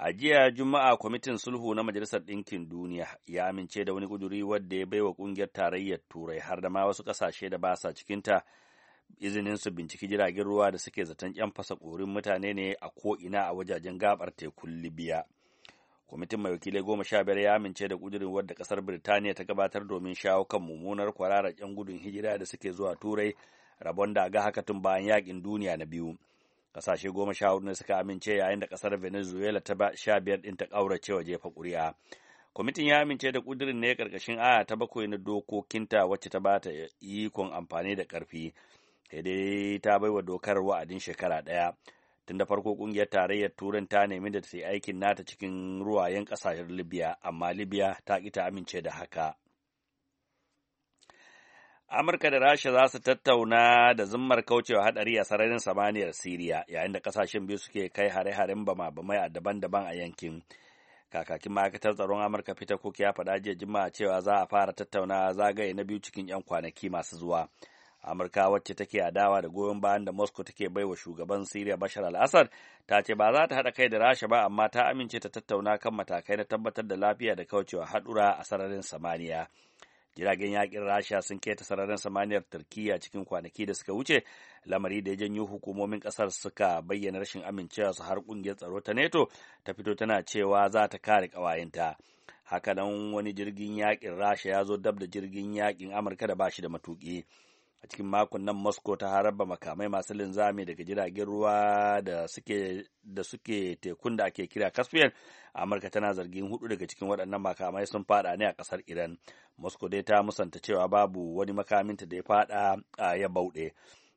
a jiya juma'a kwamitin sulhu na majalisar ɗinkin duniya ya amince da wani kuduri wadda ya baiwa ƙungiyar tarayyar turai har da ma wasu ƙasashe da ba sa cikinta izinin su binciki jiragen ruwa da suke zaton yan fasa ƙorin mutane ne a ko ina a wajajen gabar tekun libya kwamitin mai wakilai goma sha biyar ya amince da ƙudurin wadda ƙasar birtaniya ta gabatar domin shawo kan mummunar kwararar yan gudun hijira da suke zuwa turai rabon da ga haka tun bayan yakin duniya na biyu kasashe goma sha hudu ne suka amince yayin da kasar venezuela ta sha biyar ɗin ta waje jefa ƙuri'a kwamitin ya amince da ƙudurin ne ƙarƙashin aya ta bakwai na dokokinta wacce ta bata ikon amfani da ƙarfi sai dai ta baiwa dokar wa'adin shekara ɗaya tun da farko ƙungiyar tarayyar turan ta nemi da ta yi aikin nata cikin ruwayen ƙasashen libya amma libya ta ƙi ta amince da haka Amurka da Rasha za su tattauna da zimmar kaucewa hadari a sararin samaniyar Siriya yayin da kasashen biyu suke kai hare-haren bama-bamai a daban-daban a yankin. Kakakin ma'aikatar tsaron Amurka Peter Cook ya faɗa jiya Juma'a cewa za a fara tattauna zagaye na biyu cikin 'yan kwanaki masu zuwa. Amurka wacce take adawa da goyon bayan da Moscow take bai wa shugaban Siriya Bashar al-Assad ta ce ba za ta haɗa kai da Rasha ba amma ta amince ta tattauna kan matakai na tabbatar da lafiya da kaucewa haɗura a sararin samaniya. jiragen yakin rasha sun keta sararin samaniyar turkiya cikin kwanaki da suka wuce lamari da ya janyo hukumomin kasar suka bayyana rashin amincewa su har kungiyar tsaro ta neto ta fito tana cewa za ta kare kawayenta hakanan wani jirgin yakin rasha ya zo dab da jirgin yakin amurka da ba shi da matuki a cikin makon nan moscow ta haraba makamai masu linzami daga jiragen ruwa da suke tekun da ake kira caspian amurka tana zargin hudu daga cikin waɗannan makamai sun fada ne a ƙasar iran moscow dai ta musanta cewa babu wani makaminta da ya fada ya bauɗe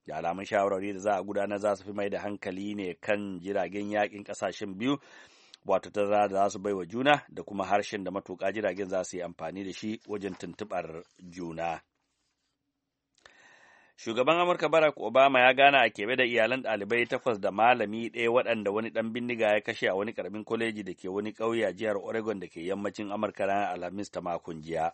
da alamun shawarwari da za a gudanar za su fi mai da hankali ne kan jiragen yakin ƙasashen biyu wato ta da za su bai wa juna da kuma harshen da matuka jiragen za su yi amfani da shi wajen tuntuɓar juna. Shugaban Amurka Barack Obama ya gana a kebe da iyalan ɗalibai takwas da malami ɗaya waɗanda wani ɗan bindiga ya kashe a wani karamin kwaleji da ke wani ƙauye a jihar Oregon da ke yammacin Amurka ranar Alhamis ta makon jiya.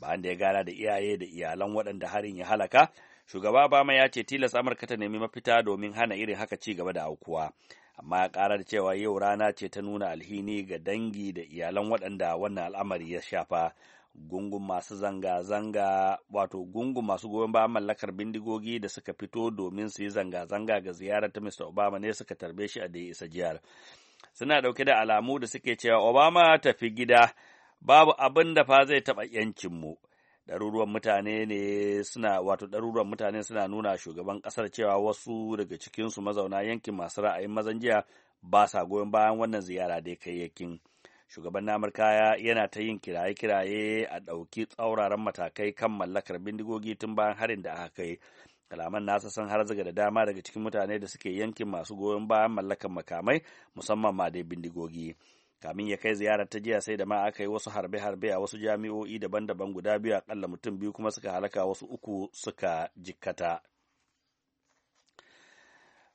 Bayan da ya gana da iyaye da iyalan waɗanda harin ya halaka, shugaba obama ya ce tilas amurka ta nemi mafita domin hana irin haka ci gaba da aukuwa amma ya kara da cewa yau rana ce ta nuna alhini ga dangi da iyalan waɗanda wannan al'amari ya shafa gungun masu zanga-zanga wato gungun masu goyon bayan mallakar bindigogi da suka fito domin su yi zanga-zanga ga ziyarar ta Mr. Obama ne suka tarbe shi a da isa jihar. Suna ɗauke da alamu da suke cewa Obama tafi gida babu abin da fa zai taɓa ‘yancinmu. ɗaruruwan mutane ne suna wato ɗaruruwan mutane suna nuna shugaban ƙasar cewa wasu daga cikinsu mazauna yankin masu ra'ayin mazan jiya ba sa goyon bayan wannan ziyara da kai yakin shugaban na amurka yana ta yin kiraye-kiraye a ɗauki tsauraran matakai kan mallakar bindigogi tun bayan harin da aka kai kalaman nasa san har zaga da dama daga cikin mutane da suke yankin masu goyon bayan mallakar makamai musamman ma dai bindigogi kamin ya kai ziyara ta jiya sai da ma aka yi wasu harbe-harbe a wasu jami'o'i daban-daban guda biyu a akalla mutum biyu kuma suka halaka wasu uku suka jikkata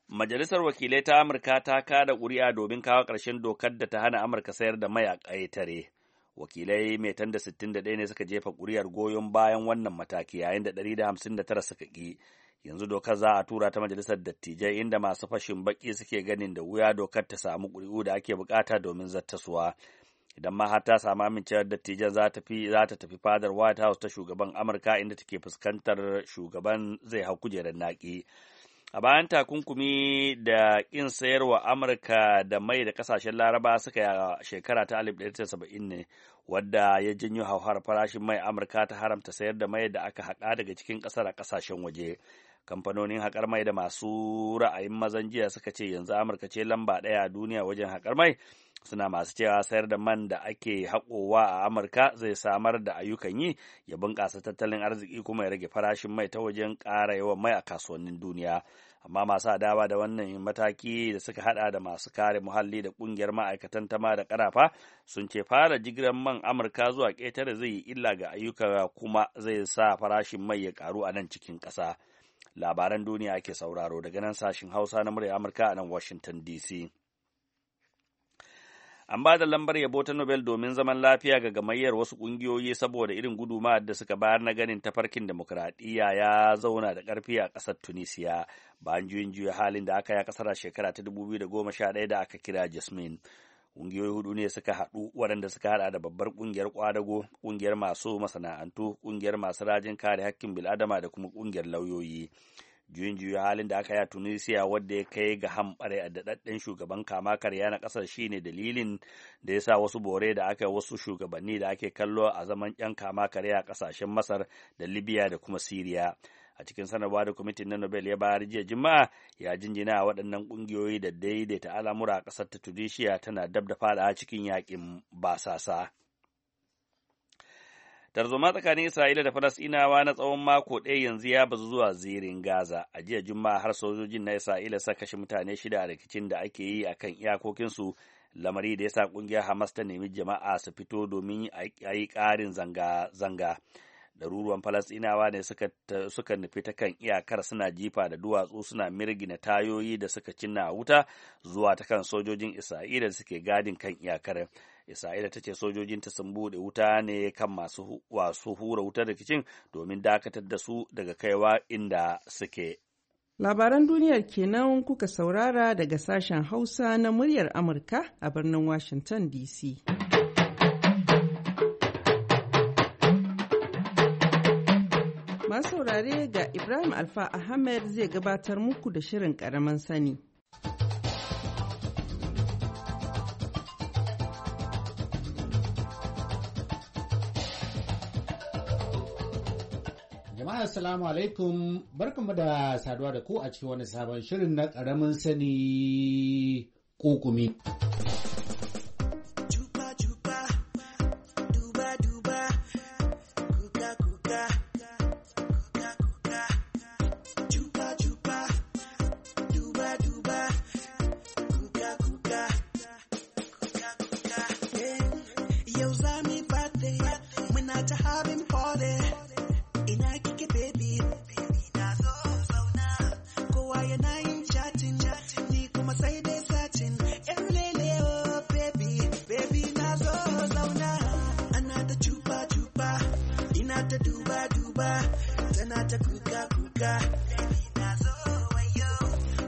Majalisar Wakilai ta Amurka ta kada ƙuri'a domin kawo ƙarshen dokar da ta hana Amurka sayar da mai a ƙaitare. Wakilai mai tanda 61 ne suka jefa ƙuri'ar goyon bayan wannan mataki yayin da 159 suka ƙi. yanzu dokar za a tura ta majalisar dattijai inda masu fashin baki suke ganin da wuya dokar ta samu ƙuri'u da ake bukata domin zattasuwa idan ma har ta samu amincewar dattijan za ta tafi fadar white house ta shugaban amurka inda take fuskantar shugaban zai hau kujerar naƙi a bayan takunkumi da kin sayarwa amurka da mai da kasashen laraba suka yi a shekara ta 1970 ne wadda ya janyo hauhar farashin mai amurka ta haramta sayar da mai da aka haɗa daga cikin ƙasar a ƙasashen waje kamfanonin haƙar mai da masu ra'ayin mazan jiya suka ce yanzu amurka ce lamba ɗaya a duniya wajen haƙar mai suna masu cewa sayar da man da ake haƙowa a amurka zai samar da ayyukan yi ya bunƙasa tattalin arziki kuma ya rage farashin mai ta wajen ƙara yawan mai a kasuwannin duniya amma masu adawa da wannan mataki da suka hada da masu kare muhalli da ƙungiyar ma'aikatan tama da karafa sun ce fara jigiran man amurka zuwa ƙetare zai yi illa ga ayyuka kuma zai sa farashin mai ya ƙaru a nan cikin ƙasa. labaran duniya ake sauraro daga nan sashin hausa na murya amurka a nan washington dc an ba da lambar yabo ta Nobel domin zaman lafiya ga gamayyar wasu kungiyoyi saboda irin guduma da suka bayar na ganin tafarkin demokuraɗiyya ya zauna da ƙarfi a ƙasar Tunisiya bayan juyin juya halin da aka yi a ƙasar shekara ta 2011 da aka kira Jasmine. Ƙungiyoyi hudu ne suka haɗu waɗanda suka haɗa da babbar ƙungiyar ƙwadago, ƙungiyar masu masana'antu, ƙungiyar masu rajin kare hakkin bil'adama da kuma ƙungiyar lauyoyi. Juyin juyin halin da aka yi a Tunisia wadda ya kai ga hamɓare a daɗaɗɗen shugaban kama karya na ƙasar shine dalilin da ya sa wasu bore da aka wasu shugabanni da ake kallo a zaman 'yan kama karya a ƙasashen Masar da Libya da kuma Siriya. a cikin sanarwa da kwamitin na nobel ya bayar jiya juma'a ya jinjina a waɗannan ƙungiyoyi da daidaita al'amura a ƙasar ta tunisia tana dab da faɗa cikin yaƙin basasa tarzoma tsakanin isra'ila da falasɗinawa na tsawon mako ɗaya yanzu ya bazu zuwa zirin gaza a jiya juma'a har sojojin na isra'ila sa kashe mutane shida a rikicin da ake yi a kan iyakokinsu lamari da ya sa ƙungiyar hamas ta nemi jama'a su fito domin a yi ƙarin zanga-zanga daruruwan falasɗinawa ne suka nufi ta kan iyakar suna jifa da duwatsu suna mirgina tayoyi da suka cinna wuta zuwa ta kan sojojin isra'ila da suke gadin kan iyakar isra'ila ta ce sojojinta sun buɗe wuta ne kan masu wasu hura wutar rikicin domin dakatar da su daga kaiwa inda suke labaran duniyar kenan kuka saurara daga sashen hausa na muryar amurka a birnin washington dc masu saurare ga Ibrahim Alfa Ahmed zai gabatar muku da shirin karaman sani. Jama'a Assalamu alaikum barkanmu da saduwa da ku a cikin wani sabon shirin na karamin sani kokumi. lura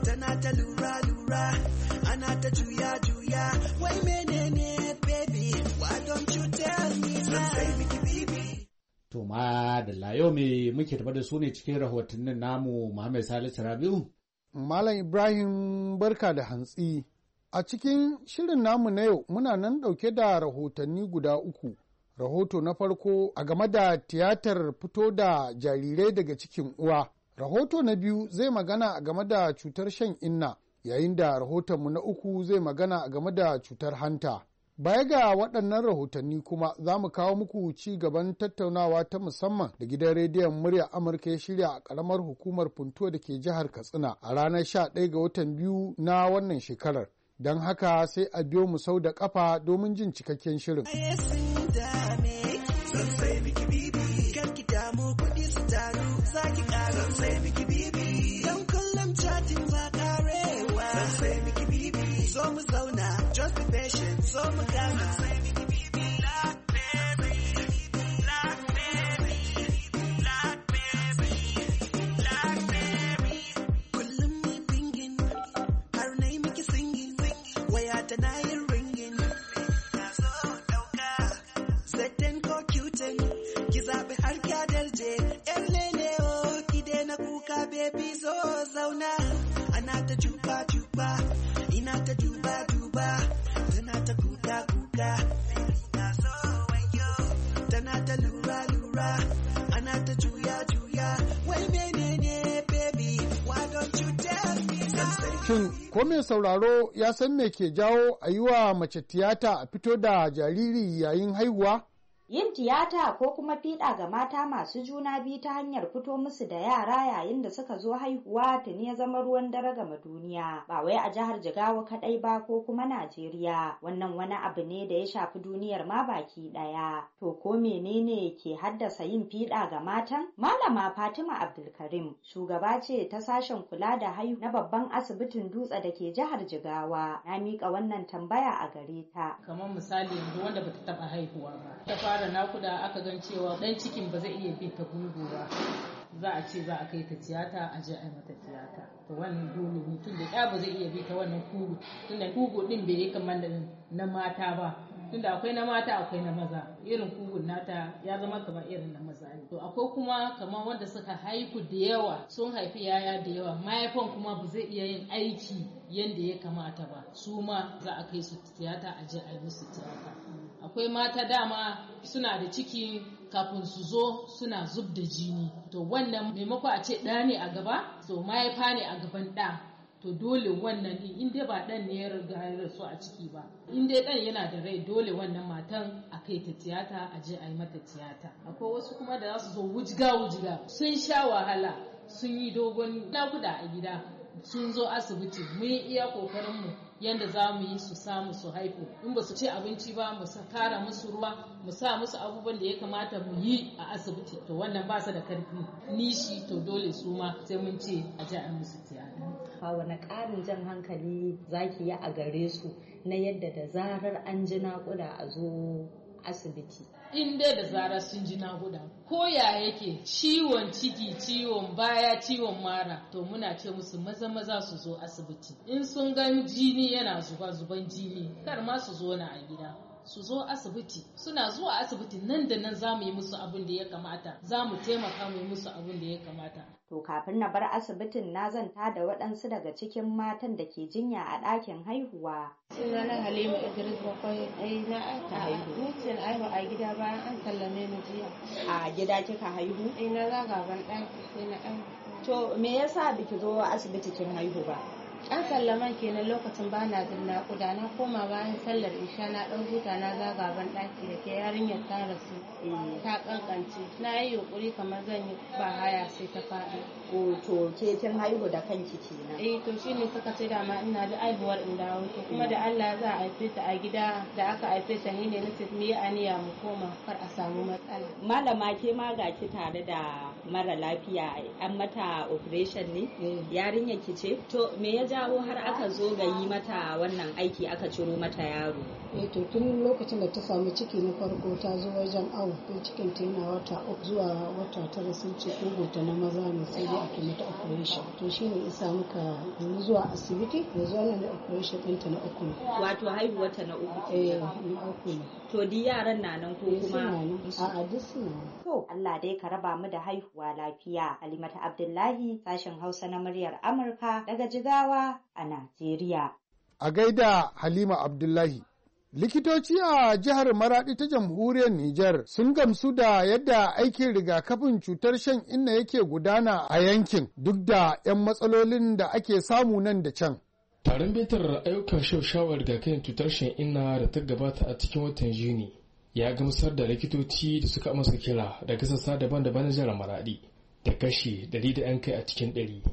tana ta lura me da layo me muke tafa da su ne cikin rahotannin namu Muhammad Salisu Rabiu Malam Ibrahim barka da hantsi a cikin shirin namu na yau muna nan ɗauke da rahotanni guda uku rahoto na farko a game da tiyatar fito da jarirai daga cikin uwa Rahoto na biyu zai magana game da cutar shan inna, yayin da rahotonmu na uku zai magana game da cutar hanta. Baya ga waɗannan rahotanni kuma za mu kawo muku ci gaban tattaunawa ta musamman da gidan rediyon murya Amurka ya shirya a ƙaramar hukumar Funto da ke jihar Katsina a ranar sha ɗaya ga watan biyu na wannan shekarar. Don haka sai a biyo mu sau da ƙafa domin jin cikakken shirin. ana ta lura lura ana ta juya juya wai menene baby why don't you tell me Shin ko mai sauraro ya san me ke jawo a yi wa mace tiyata a fito da jariri yayin haihuwa? Yin tiyata ko kuma fiɗa ga mata masu juna biyu ta hanyar fito musu da yara yayin da suka zo haihuwa tuni ya zama ruwan dare gama duniya ba wai a jihar Jigawa kaɗai ba ko kuma Najeriya wannan wani abu ne da ya shafi duniyar ma baki ɗaya. To ko menene ke haddasa yin fiɗa ga matan? Malama Fatima Abdulkarim shugaba ce ta sashen kula da haihu na babban asibitin dutse da ke jihar Jigawa na miƙa wannan tambaya a gare ta. Kamar misali yanzu wanda bata taɓa haihuwa ba. fara nakuda aka gan cewa dan cikin ba zai iya bin ta gungu ba za a ce za a kai ta tiyata a je a mata tiyata to wannan dole tun da ya ba zai iya bi ta wannan kugu tunda kugu din bai yi kamar na mata ba tunda akwai na mata akwai na maza irin kugun nata ya zama kamar irin na maza ne to akwai kuma kamar wanda suka haihu da yawa sun haifi yaya da yawa mahaifan kuma ba zai iya yin aiki yadda ya kamata ba su ma za a kai su tiyata a je a yi musu tiyata akwai mata dama suna da ciki kafin su zo suna zub da jini to wannan maimako a ce ɗa ne a gaba to mahaifa ne a gaban ɗa to dole wannan din in ba ɗan ne ya riga ya a ciki ba in dai ɗan yana da rai dole wannan matan a kai ta tiyata a je a yi mata tiyata akwai wasu kuma da za su zo wujga wujga sun sha wahala sun yi dogon nakuda a gida sun zo asibiti mun yi iya kokarin mu yadda za mu yi su samu su haifu in ba su ci abinci ba mu kara musu ruwa mu sa musu abubuwan da ya kamata mu yi a asibiti to wannan ba su da karfi nishi to dole su ma sai mun ce a ji an musu tiyata. wani ƙarin jan hankali za ki yi a gare su na yadda da zarar an ji naƙuda a zo asibiti in dai da zarar sun ji guda, ko ya yake ciwon ciki ciwon baya ciwon mara to muna ce musu maza maza su zo asibiti in sun gan jini yana zuba zuban jini kar ma su zo na a gida su zo asibiti suna zuwa asibiti nan da nan za mu yi musu abin da ya kamata za mu taimaka mu yi musu abin da ya kamata to kafin na bar asibitin na zanta da waɗansu daga cikin matan da ke jinya a ɗakin haihuwa. sunana halima idris bakwai ai eh, na aka haihu mutum aihu a gida bayan an sallame ni jiya a gida kika haihu ai eh, na zagaban ɗaki sai na ɗan to me yasa biki zo asibiti kin haihu ba an sallaman kenan lokacin ba na zin naƙuda na koma bayan sallar isha na ɗan huta na zaga ban ɗaki da ke yarinyar ta rasu ta kankance na yi yunƙuri kamar zan yi ba haya sai ta faɗi. to ke kin haihu da kanki kenan. eh to shi ne suka ce dama ina da aihuwar in dawo to kuma da Allah za a haife ta a gida da aka haife ta ne na ce mu yi aniya mu koma kar a samu matsala. malama ke ma ga ki tare da mara lafiya an mata operation ne mm. yarinyar ki ce to me ya jawo har aka zo ga yi mata wannan aiki aka ciro mata yaro eh to tun lokacin da ta samu ciki na farko ta zo wajen awo ko cikin ta yana wata uku zuwa wata tara sun ce ta na maza ne sai dai aka mata operation to shine isa muka yanzu zuwa asibiti yanzu wannan da operation ɗinta na uku ne wato ta na uku eh na uku ne to di yaran na nan ko kuma a'a duk to Allah dai ka raba mu da haihuwa lafiya Alimata Abdullahi sashen Hausa na muryar Amurka daga Jigawa a Najeriya a gaida Halima Abdullahi Likitoci a jihar Maraɗi ta jamhuriyar Nijar sun gamsu da yadda aikin rigakafin cutar shan inna yake gudana a yankin duk da 'yan matsalolin da ake samu nan da can. taron bitar ayyukan ga rigakafin cutar shan inna da ta gabata a cikin watan juni ya gamsar da likitoci da suka amsa kira da sassa daban-daban na jihar maradi da kashi dari da yan kai a cikin dari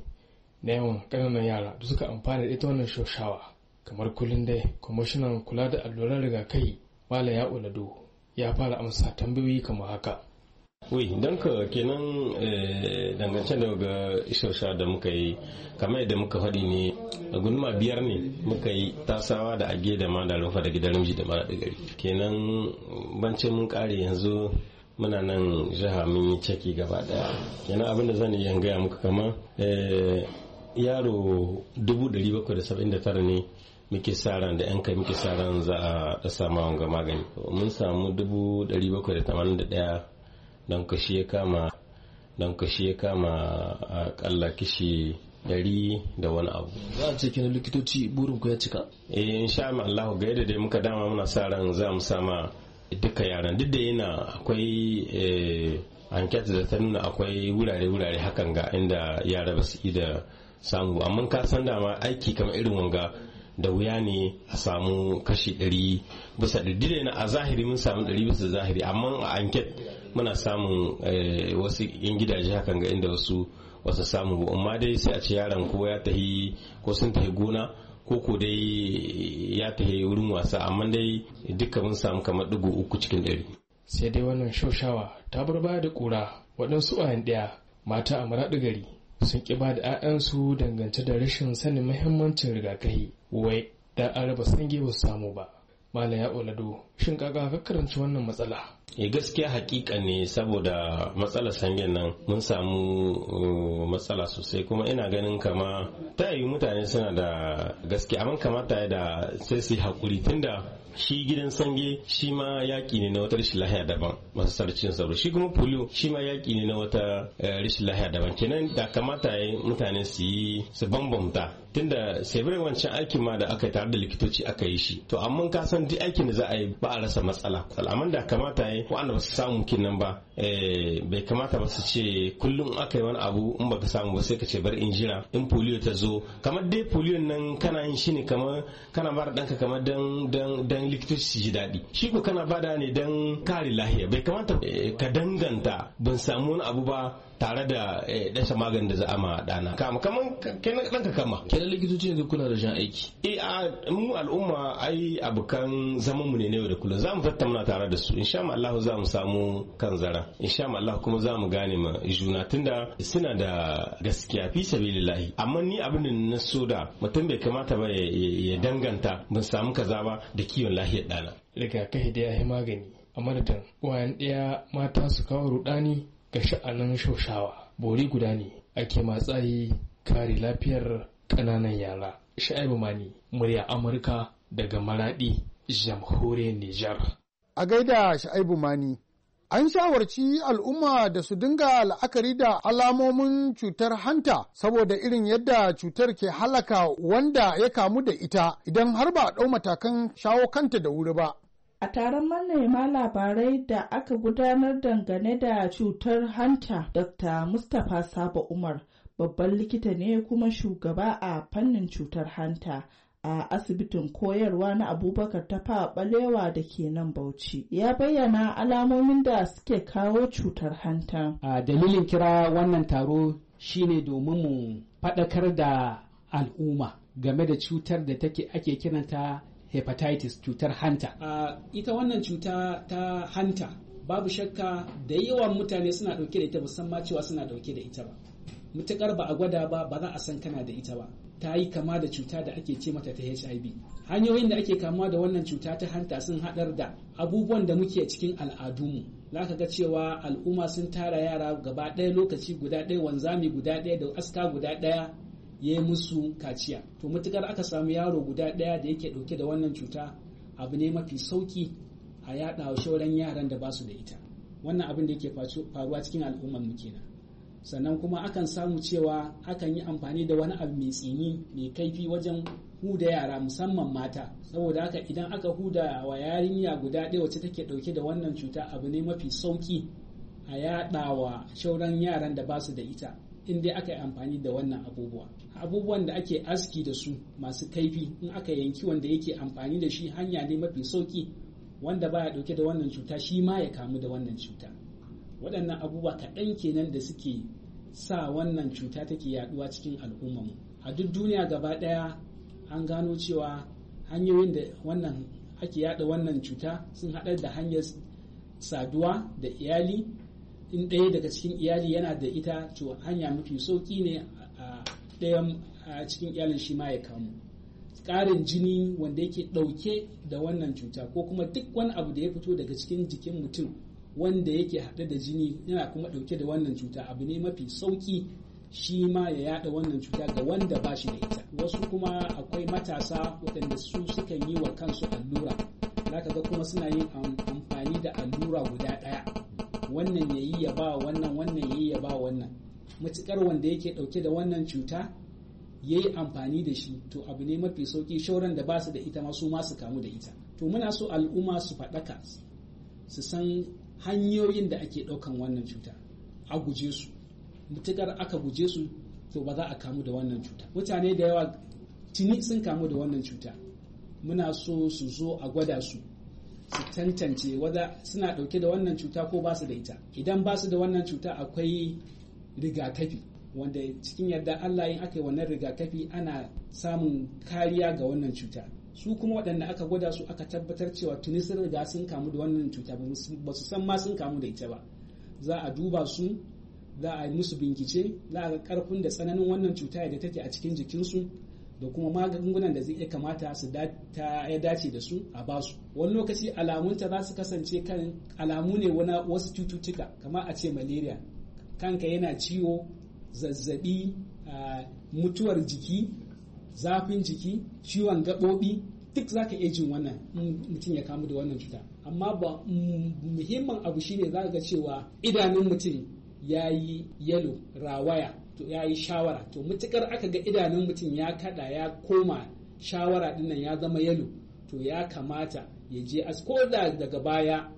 na yawan ƙananan yara da suka amfana da ita wannan shawa kamar kullum dai kwamishinan kula da alluran rigakai malam ya ulado ya fara amsa tambayoyi kamar haka Oui, donc euh, kenan eh, dangance da ga isosha da muka yi kamar yadda muka faɗi ne guduma biyar ne muka yi tasawa da age da ma da rufa da gidan ramji da mara gari kenan bance mun ƙare yanzu muna nan jiha mun yi ceki gaba daya kenan abinda zan iya gaya muka kama eh, yaro 779 ne muke sa ran da 'yan kai muke sa ran za a dasa ga wanga magani mun samu 781 don kashi ya kama don kashi ya kama akalla kishi dari da wani abu za a ce likitoci burin ku ya cika eh insha Allah ga yadda dai muka dama muna sa ran za mu sama duka yaran duk da yana akwai anket eh, da ta nuna akwai wurare-wurare hakan ga inda yara ba su da samu amma ka san dama aiki kamar irin wanga da wuya ne a samu kashi ɗari bisa ɗari na a zahiri mun samu ɗari bisa zahiri amma a anket muna samun eh, wasu yin gidaje hakan ga inda wasu wasu samu ba amma dai sai a ce yaron ko ya tahi ko sun tahi gona ko ko dai ya tahi wurin wasa amma dai duka mun samu kamar ɗigo uku cikin ɗari. sai dai wannan shoshawa ta bar baya da ƙura waɗansu a ɗaya mata a maraɗi gari sun ƙi ba da 'ya'yansu dangance da rashin sanin muhimmancin rigakafi wai da araba sange ba samu ba mala ya olado shin kaga ka karanci wannan matsala e gaskiya hakika ne saboda matsala sangen nan mun samu uh, matsala sosai kuma ina ganin kama ta yi mutane suna da gaskiya amma kamata da sai su yi hakuri tunda shi gidan sange shi ma yaƙi ne na wata rashin lahiya daban masu sarcin sauro shi kuma polio shi ma yaƙi ne na wata eh, rashin lahiya daban kenan da kamata ya mutane su yi su bambamta tunda sebre wancan aikin ma da aka yi tare da likitoci aka yi shi to amma ka san duk aikin da za a yi ba a rasa matsala al'aman da kamata yi wa'anda ba su samu kinan ba eh, bai kamata ba su ce kullum aka yi wani abu in baka samu ba sai ka ce bar jira in polio ta zo kamar dai polio nan kana yin shi ne kamar kana ba da ɗanka kamar dan dan dan likitoci su ji daɗi shi ko kana da ne dan kare lahiya bai kamata eh, ka danganta ban samu wani abu ba tare da eh, dasa magani da za a ma dana kama kaman kenan ɗanka kama kenan likitoci ne zai kuna da jan aiki eh a mu al'umma ai abukan zaman mu ne ne da kullum zamu tattauna tare da su insha Allah za mu samu kan zara insha Allah kuma za mu gane ma juna tunda suna da gaskiya fi sabilillahi amma ni abin da na so da mutum bai kamata ba ya danganta mun samu kaza ba da kiyon lahiyar dana rigakafi da ya magani a madadin wayan ɗaya mata su kawo rudani ga sha'anin shaushawa bori guda ne ake matsayi kare lafiyar ƙananan yara sha'ibu mani murya amurka daga maraɗi jamhuriyar nijar a gaida sha'ibu mani an shawarci al'umma da su dinga la'akari da alamomin cutar hanta saboda irin yadda cutar ke halaka wanda ya kamu da ita idan har ba ɗau matakan shawo kanta da wuri ba a taron manema labarai da aka gudanar dangane da cutar hanta dr mustapha saba umar babban likita ne kuma shugaba a fannin cutar hanta a asibitin koyarwa na abubakar ta balewa da ke nan bauchi ya bayyana alamomin da suke kawo cutar hanta a dalilin kira wannan taro shine domin mu faɗakar da al'umma game da cutar da take ake kiranta hepatitis cutar hanta uh, ita wannan cuta ta hanta babu shakka da yawan mutane suna dauke da ita ba san macewa cewa suna dauke da ita ba mutukar ba a gwada ba ba za a san kana da ita ba ta yi kama da cuta da ake ce mata ta HIV hanyoyin da ake kamuwa da wannan cuta ta hanta sun haɗar da abubuwan da muke cikin al'adunmu ka ga cewa al'umma sun tara yara gaba ɗaya lokaci guda ɗaya wanzami guda ɗaya da aska guda ɗaya ya yi musu kaciya to matukar aka samu yaro guda ɗaya da yake ɗauke da wannan cuta abu ne mafi sauki a yaɗa shauran yaran da basu da ita wannan abin da yake faruwa cikin al'ummar mu kenan sannan kuma akan samu cewa akan yi amfani da wani abu mai tsini mai kaifi wajen huda yara musamman mata saboda haka idan aka huda wa yarinya guda ɗaya wacce take ɗauke da wannan cuta abu ne mafi sauki a yaɗawa shauran yaran da basu da ita in dai aka yi amfani da wannan abubuwa abubuwan da ake aski da su masu kaifi in aka yanki wanda yake amfani da shi hanya ne mafi sauki wanda baya dauke da wannan cuta shi ma ya kamu da wannan cuta waɗannan abubuwa kaɗan kenan da suke sa wannan cuta take yaduwa cikin mu a duk duniya gaba ɗaya an gano cewa hanyoyin da wannan ake yada wannan cuta sun haɗar da hanyar saduwa da iyali in ɗaya daga cikin iyali yana da ita to hanya mafi sauƙi ne a ɗayan a cikin iyalin shi ma ya kamu ƙarin jini wanda yake ɗauke da wannan cuta ko kuma duk wani abu da ya fito daga cikin jikin mutum wanda yake haɗe da jini yana kuma ɗauke da wannan cuta abu ne mafi sauƙi shi ma ya yada wannan cuta ga wanda ba shi da ita wasu kuma akwai matasa waɗanda su sukan yi wa kansu allura zaka ga kuma suna yin amfani da allura guda ɗaya wannan ya yi ya ba wannan wannan ya yi ya ba wannan matukar wanda yake dauke da wannan cuta ya yi amfani da shi to abu ne mafi sauki shauran da ba su da ita ma su ma kamu da ita to muna so al'umma su faɗaka su san hanyoyin da ake ɗaukan wannan cuta a guje su mutukar aka guje su to ba za a kamu da wannan cuta mutane da yawa tuni sun kamu da wannan cuta muna so su zo a gwada su su tantance wadda suna ɗauke da wannan cuta ko basu da ita idan basu da wannan cuta akwai rigakafi wanda cikin yadda Allah yin aka yi wannan rigakafi ana samun kariya ga wannan cuta su kuma waɗanda aka gwada su aka tabbatar cewa tuni sun riga sun kamu da wannan cuta ba su san ma sun kamu da ita ba za a duba su za a yi musu bincike za a ga karfin da tsananin wannan cuta da take a cikin jikinsu da kuma magungunan da zai iya kamata su ya dace da su a basu wani lokaci alamunta za su kasance kan alamu ne wani wasu cututtuka kamar a ce malaria kanka yana ciwo zazzabi mutuwar jiki zafin jiki ciwon gaɓoɓi duk za ka iya jin wannan mutum ya kamu da wannan cuta amma ba muhimmin abu shine za ga cewa idanun mutum ya yi yalo rawaya to ya yi shawara to mutukar aka ga idanun mutum ya kada ya koma shawara dinnan ya zama yalo to ya kamata ya je ko da daga baya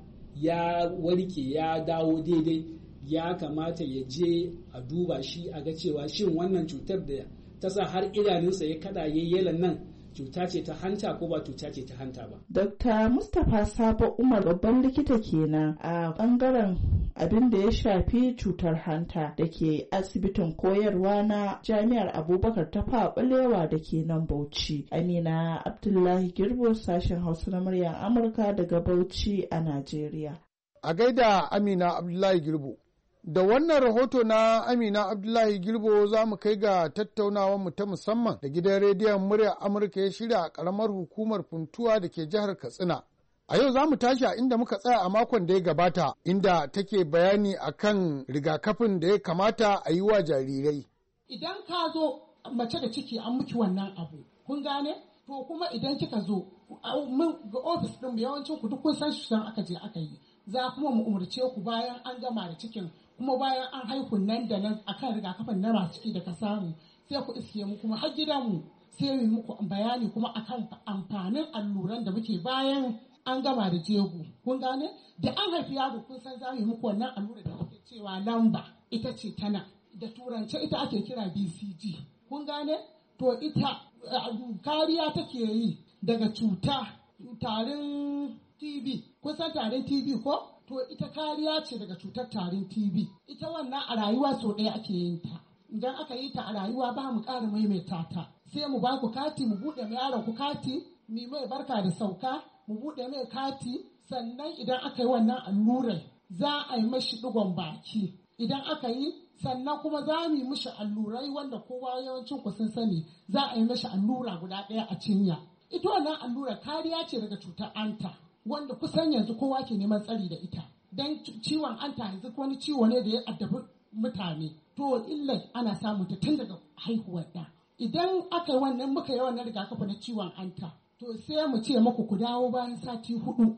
ya warke ya dawo daidai ya kamata ya je a duba shi a ga cewa shin wannan cutar da ta sa har idanunsa ya kada ya yela nan cuta ce ta hanta ko ba cuta ce ta hanta ba. Dokta Mustapha Sabo Umar babban likita kenan a bangaren abin da ya shafi cutar hanta da ke asibitin koyarwa na jami'ar Abubakar ta Balewa da ke nan Bauchi. Amina Abdullahi Girbo sashen Hausa na muryar Amurka daga Bauchi a Najeriya. A gaida Amina Abdullahi Girbo. Da wannan rahoto na Amina Abdullahi Gilbo za mu kai ga tattaunawar mu ta musamman da gidan rediyon murya Amurka ya shirya a karamar hukumar Funtuwa da ke jihar Katsina. A yau za mu tashi a inda muka tsaya a makon da ya gabata, inda take bayani a kan rigakafin da ya kamata a yi wa jarirai. Idan ka zo mace da ciki an miki wannan abu, kun gane? To kuma idan kika zo, ga ofis ɗin yawancin ku duk kun san shi aka je aka yi. Za kuma mu umarce ku bayan an gama da cikin kuma bayan an haihu nan da nan akan rigakafin na masu ciki da ka samu sai ku iske mu kuma har gidanmu sai mu muku bayani kuma akan amfanin alluran da muke bayan an gama da jego kun gane da an haifi yaro kun san za mu yi muku wannan allura da ake cewa lamba ita ce tana da turance ita ake kira BCG kun gane to ita eh, kariya take yi daga cuta tarin TB kun san tarin TB ko to ita kariya ce daga cutar tarin TB. Ita wannan a rayuwa sau ɗaya ake yin ta. Idan aka yi ta a rayuwa ba mu ƙara maimaita ta. Sai mu ba ku kati mu buɗe mai yaron ku kati, mu mai barka da sauka, mu buɗe mai kati, sannan idan aka yi wannan allurar za a yi mashi ɗigon baki. Idan aka yi sannan kuma za mu yi mishi allurai wanda kowa yawancin ku sun sani za a yi mashi allura guda ɗaya a cinya. Ita wannan allura kariya ce daga cutar anta. wanda kusan yanzu kowa ke neman tsari da ita dan ciwon anta yanzu wani ciwo ne da ya addabi mutane to illai ana samun ta tun daga haihuwar da idan aka yi wannan muka yi wannan rigakafi na ciwon anta to sai mu ce muku ku dawo bayan sati hudu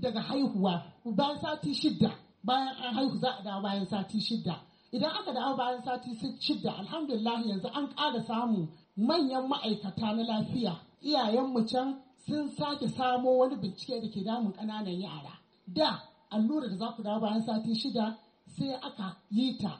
daga haihuwa bayan sati shidda bayan an haihu za a dawo bayan sati shidda idan aka dawo bayan sati shidda alhamdulillah yanzu an ƙara samu manyan ma'aikata na lafiya iyayen mu can sun sake samo wani bincike da ke damun ƙananan yara da allura da za ku dawo bayan sati shida sai aka yi ta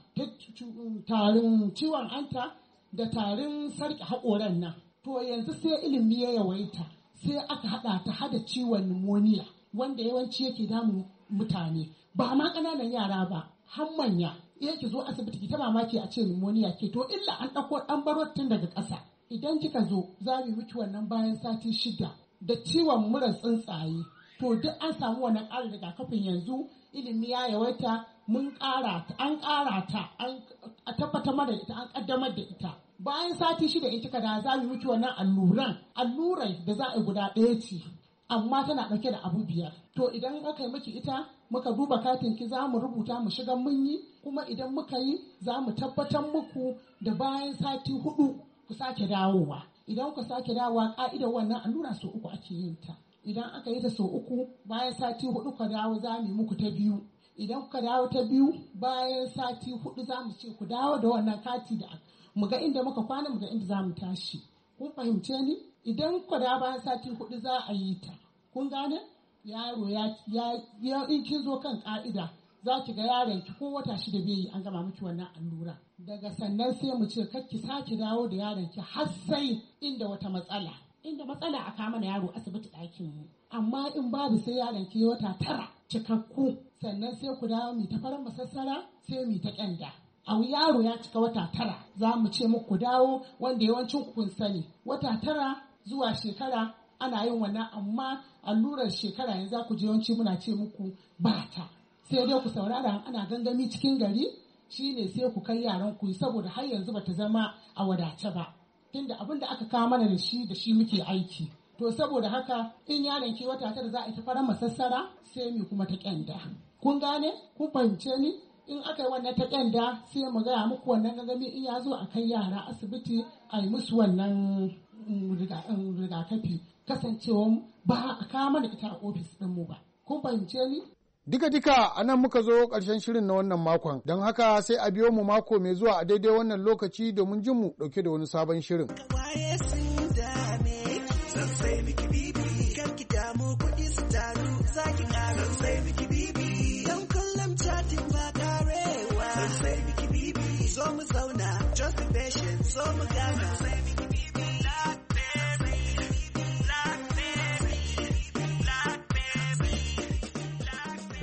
tarin ciwon hanta da tarin sarki haƙoran nan to yanzu sai ilimi ya yawaita sai aka haɗa ta hada ciwon pneumonia wanda yawanci yake damun mutane ba ma kananan yara ba har manya yake zo asibiti ki ta mamaki a ce pneumonia ke to illa an ɗauko an baro tun daga ƙasa idan kika zo za mu miki wannan bayan sati shida da ciwon mura tsuntsaye to duk an samu wannan ƙarin rigakafin yanzu ilimi ya yawaita mun ƙara ta an ƙara ta a tabbatar mara ita an ƙaddamar da ita bayan sati shida in kika da za mu miki wannan alluran allurai da za a guda ɗaya ce amma tana ɗauke da abu biyar to idan aka yi miki ita muka duba katin ki za mu rubuta mu shiga mun yi kuma idan muka yi za mu tabbatar muku da bayan sati hudu ku sake dawowa idan ku sake dawowa ka'idar wannan allura sau uku ake yin ta idan aka yi ta sau uku bayan sati hudu ka dawo za mu yi muku ta biyu idan kuka dawo ta biyu bayan sati hudu za mu ce ku dawo da wannan kati da mu ga inda muka kwana mu ga inda za mu tashi kun fahimce ni idan kuka dawo bayan sati hudu za a yi ta kun gane yaro ya in kin zo kan ka'ida za ki ga yaron ki ko wata shida bai yi an gama miki wannan allura daga sannan sai mu ce kar ki sake dawo da yaron ki har sai inda wata matsala inda matsala a kama na yaro asibiti ɗakin mu amma in babu sai yaron ki wata tara cikakku sannan sai ku dawo mu ta farin masassara sai mu ta kyanda a yaro ya cika wata tara za mu ce muku dawo wanda yawancin ku kun sani wata tara zuwa shekara ana yin wannan amma allurar shekara yanzu za ku je yawanci muna ce muku ba ta sai dai ku saurara ana gangami cikin gari shi ne sai ku kai yaran ku saboda har yanzu bata zama a wadace ba tunda abin da aka kawo mana da shi da shi muke aiki to saboda haka in yaran ke wata tara za a ta fara masassara sai mu kuma ta kyanda kun gane kun fahimce ni in aka yi wannan ta kyanda sai mu gaya muku wannan gangami in ya zo a kai yara asibiti a yi musu wannan mm, mm, rigakafi kasancewa ba a kawo mana ita a ofis ɗinmu ba kun fahimce ni duka duka a nan muka zo ƙarshen shirin na wannan makon, don haka sai a biyo mu mako mai zuwa a daidai wannan lokaci domin jin mu ɗauke da wani sabon shirin. Zo mu zauna, just be patient, zo mu gana.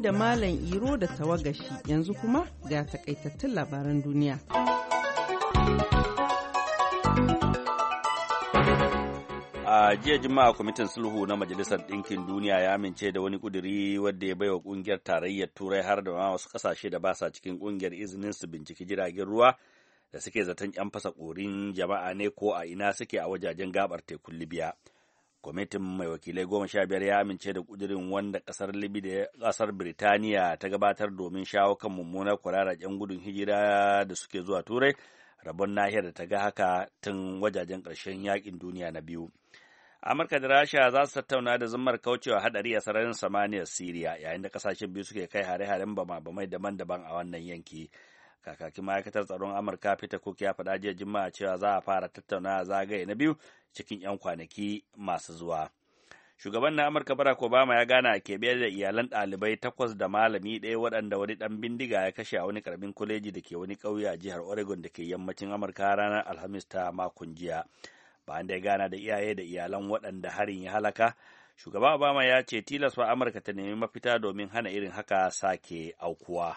da Malam Iro da tawagashi yanzu kuma ga takaitattun labaran duniya. a jiya juma'a kwamitin sulhu na majalisar ɗinkin duniya ya amince da wani ƙuduri wadda ya baiwa ƙungiyar tarayyar turai har da wasu ƙasashe da ba sa cikin ƙungiyar izinin su binciki jiragen ruwa da suke zaton 'yan fasa ƙorin jama'a ne ko a ina suke a wajajen gabar tekun libya. kwamitin mai wakilai goma sha biyar ya amince da kudirin wanda kasar libi da kasar birtaniya ta gabatar domin shawo kan mummunar kwarara gudun hijira da suke zuwa turai rabon nahiyar da ta ga haka tun wajajen ƙarshen yakin duniya na biyu amurka da rasha za su tattauna da zummar kaucewa hadari a sararin samaniyar siriya yayin da kasashen biyu suke kai hare-haren bama-bamai daban-daban a wannan yanki kakakin ma'aikatar tsaron amurka peter cook ya faɗa jiya juma'a cewa za a fara tattaunawa zagaye na biyu cikin 'yan kwanaki masu zuwa shugaban na amurka barack obama ya gana a keɓe da iyalan ɗalibai takwas da malami ɗaya waɗanda wani ɗan bindiga ya kashe a wani karamin kwaleji da ke wani ƙauye a jihar oregon da ke yammacin amurka ranar alhamis ta makon jiya bayan da ya gana da iyaye da iyalan waɗanda harin ya halaka shugaba obama ya ce tilas wa amurka ta nemi mafita domin hana irin haka sake aukuwa.